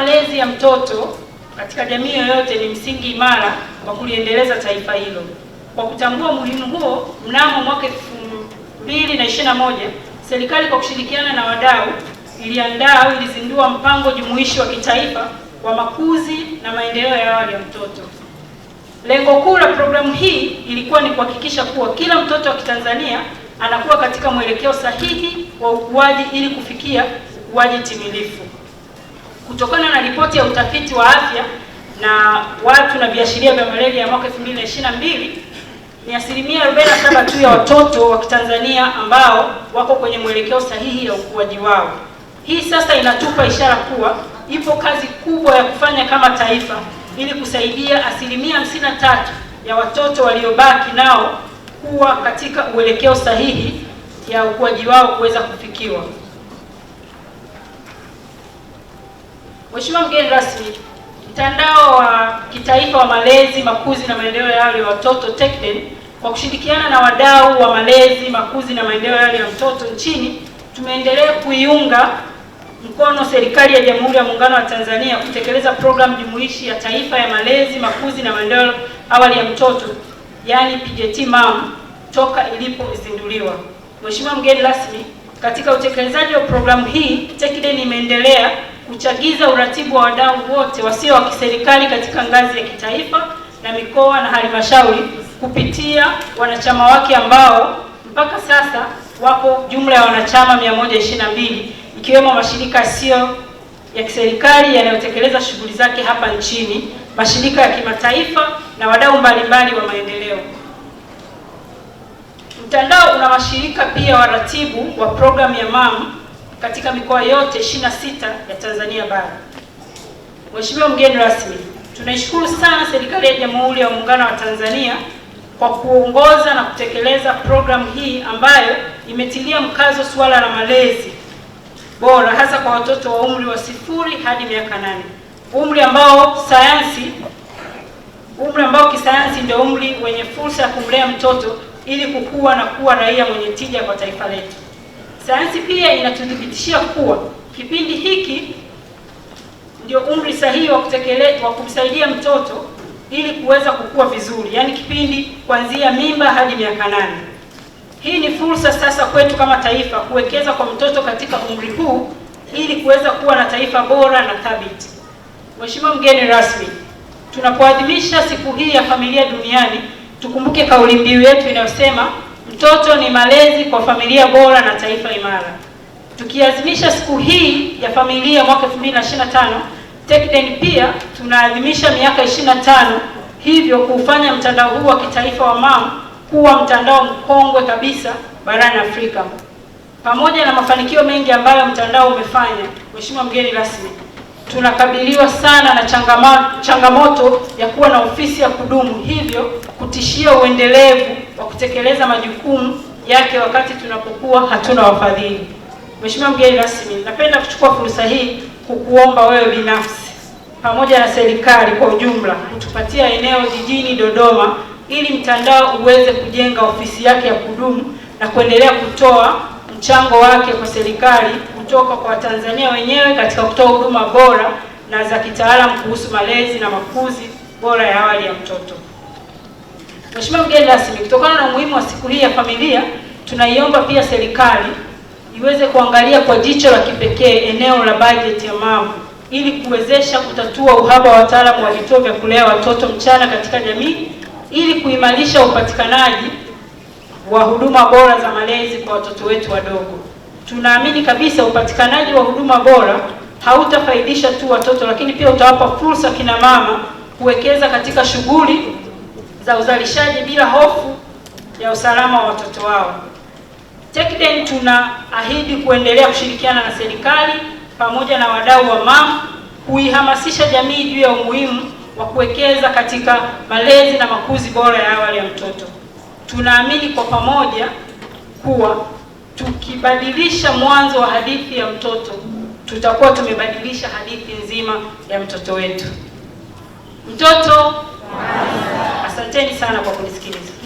malezi ya mtoto katika jamii yoyote ni msingi imara wa kuliendeleza taifa hilo. Kwa kutambua umuhimu huo, mnamo mwaka moja serikali kwa kushirikiana na wadau iliandaa au ilizindua mpango jumuishi wa kitaifa wa makuzi na maendeleo ya awali ya mtoto. Lengo kuu la programu hii ilikuwa ni kuhakikisha kuwa kila mtoto wa Kitanzania anakuwa katika mwelekeo sahihi wa ukuaji ili kufikia ukuaji timilifu. Kutokana na ripoti ya utafiti wa afya na watu na viashiria vya malaria ya mwaka 2022 ni asilimia 47 tu ya watoto wa Kitanzania ambao wako kwenye mwelekeo sahihi ya ukuaji wao. Hii sasa inatupa ishara kuwa ipo kazi kubwa ya kufanya kama taifa ili kusaidia asilimia 53 ya watoto waliobaki nao kuwa katika uelekeo sahihi ya ukuaji wao kuweza kufikiwa. Mheshimiwa mgeni rasmi, mtandao wa kitaifa wa malezi, makuzi na maendeleo ya awali ya watoto TECDEN kwa kushirikiana na wadau wa malezi, makuzi na maendeleo ya awali ya mtoto nchini tumeendelea kuiunga mkono serikali ya Jamhuri ya Muungano wa Tanzania kutekeleza programu jumuishi ya taifa ya malezi, makuzi na maendeleo awali ya mtoto yaani PJT MAM toka ilipozinduliwa. Mheshimiwa mgeni rasmi, katika utekelezaji wa programu hii TECDEN imeendelea kuchagiza uratibu wa wadau wote wasio wa kiserikali katika ngazi ya kitaifa na mikoa na halmashauri kupitia wanachama wake ambao mpaka sasa wapo jumla ya wanachama 122 ikiwemo mashirika sio ya kiserikali yanayotekeleza shughuli zake hapa nchini, mashirika ya kimataifa na wadau mbalimbali wa maendeleo. Mtandao una washirika pia waratibu wa programu ya MAM katika mikoa yote 26 ya Tanzania bara. Mheshimiwa mgeni rasmi, tunaishukuru sana serikali ya Jamhuri ya Muungano wa Tanzania kwa kuongoza na kutekeleza programu hii ambayo imetilia mkazo suala la malezi bora hasa kwa watoto wa umri wa sifuri hadi miaka nane, umri ambao sayansi umri ambao kisayansi ndio umri wenye fursa ya kumlea mtoto ili kukua na kuwa raia mwenye tija kwa taifa letu. Sayansi pia inatuthibitishia kuwa kipindi hiki ndio umri sahihi wa kutekeleza wa kumsaidia mtoto ili kuweza kukua vizuri, yaani kipindi kuanzia mimba hadi miaka nane. Hii ni fursa sasa kwetu kama taifa kuwekeza kwa mtoto katika umri huu ili kuweza kuwa na taifa bora na thabiti. Mheshimiwa mgeni rasmi, tunapoadhimisha siku hii ya familia duniani, tukumbuke kauli mbiu yetu inayosema Mtoto ni malezi kwa familia bora na taifa imara. Tukiadhimisha siku hii ya familia mwaka 2025, TECDEN pia tunaadhimisha miaka 25, hivyo kuufanya mtandao huu wa kitaifa wa mama kuwa mtandao mkongwe kabisa barani Afrika. Pamoja na mafanikio mengi ambayo mtandao umefanya, Mheshimiwa mgeni rasmi, tunakabiliwa sana na changamoto ya kuwa na ofisi ya kudumu, hivyo kutishia uendelevu wa kutekeleza majukumu yake wakati tunapokuwa hatuna wafadhili. Mheshimiwa mgeni rasmi, napenda kuchukua fursa hii kukuomba wewe binafsi pamoja na serikali kwa ujumla kutupatia eneo jijini Dodoma ili mtandao uweze kujenga ofisi yake ya kudumu na kuendelea kutoa mchango wake kwa serikali kutoka kwa Watanzania wenyewe katika kutoa huduma bora na za kitaalamu kuhusu malezi na makuzi bora ya awali ya mtoto. Mheshimiwa mgeni rasmi, kutokana na umuhimu wa siku hii ya familia, tunaiomba pia serikali iweze kuangalia kwa jicho la kipekee eneo la bajeti ya mama ili kuwezesha kutatua uhaba wa wataalamu wa vituo vya kulea watoto mchana katika jamii ili kuimarisha upatikanaji wa huduma bora za malezi kwa watoto wetu wadogo. Tunaamini kabisa upatikanaji wa huduma bora hautafaidisha tu watoto, lakini pia utawapa fursa kina mama kuwekeza katika shughuli za uzalishaji bila hofu ya usalama wa watoto wao. TECDEN tunaahidi kuendelea kushirikiana na serikali pamoja na wadau wa mama kuihamasisha jamii juu ya umuhimu wa kuwekeza katika malezi na makuzi bora ya awali ya mtoto. Tunaamini kwa pamoja kuwa tukibadilisha mwanzo wa hadithi ya mtoto, tutakuwa tumebadilisha hadithi nzima ya mtoto wetu. Mtoto Asanteni sana kwa kunisikiliza.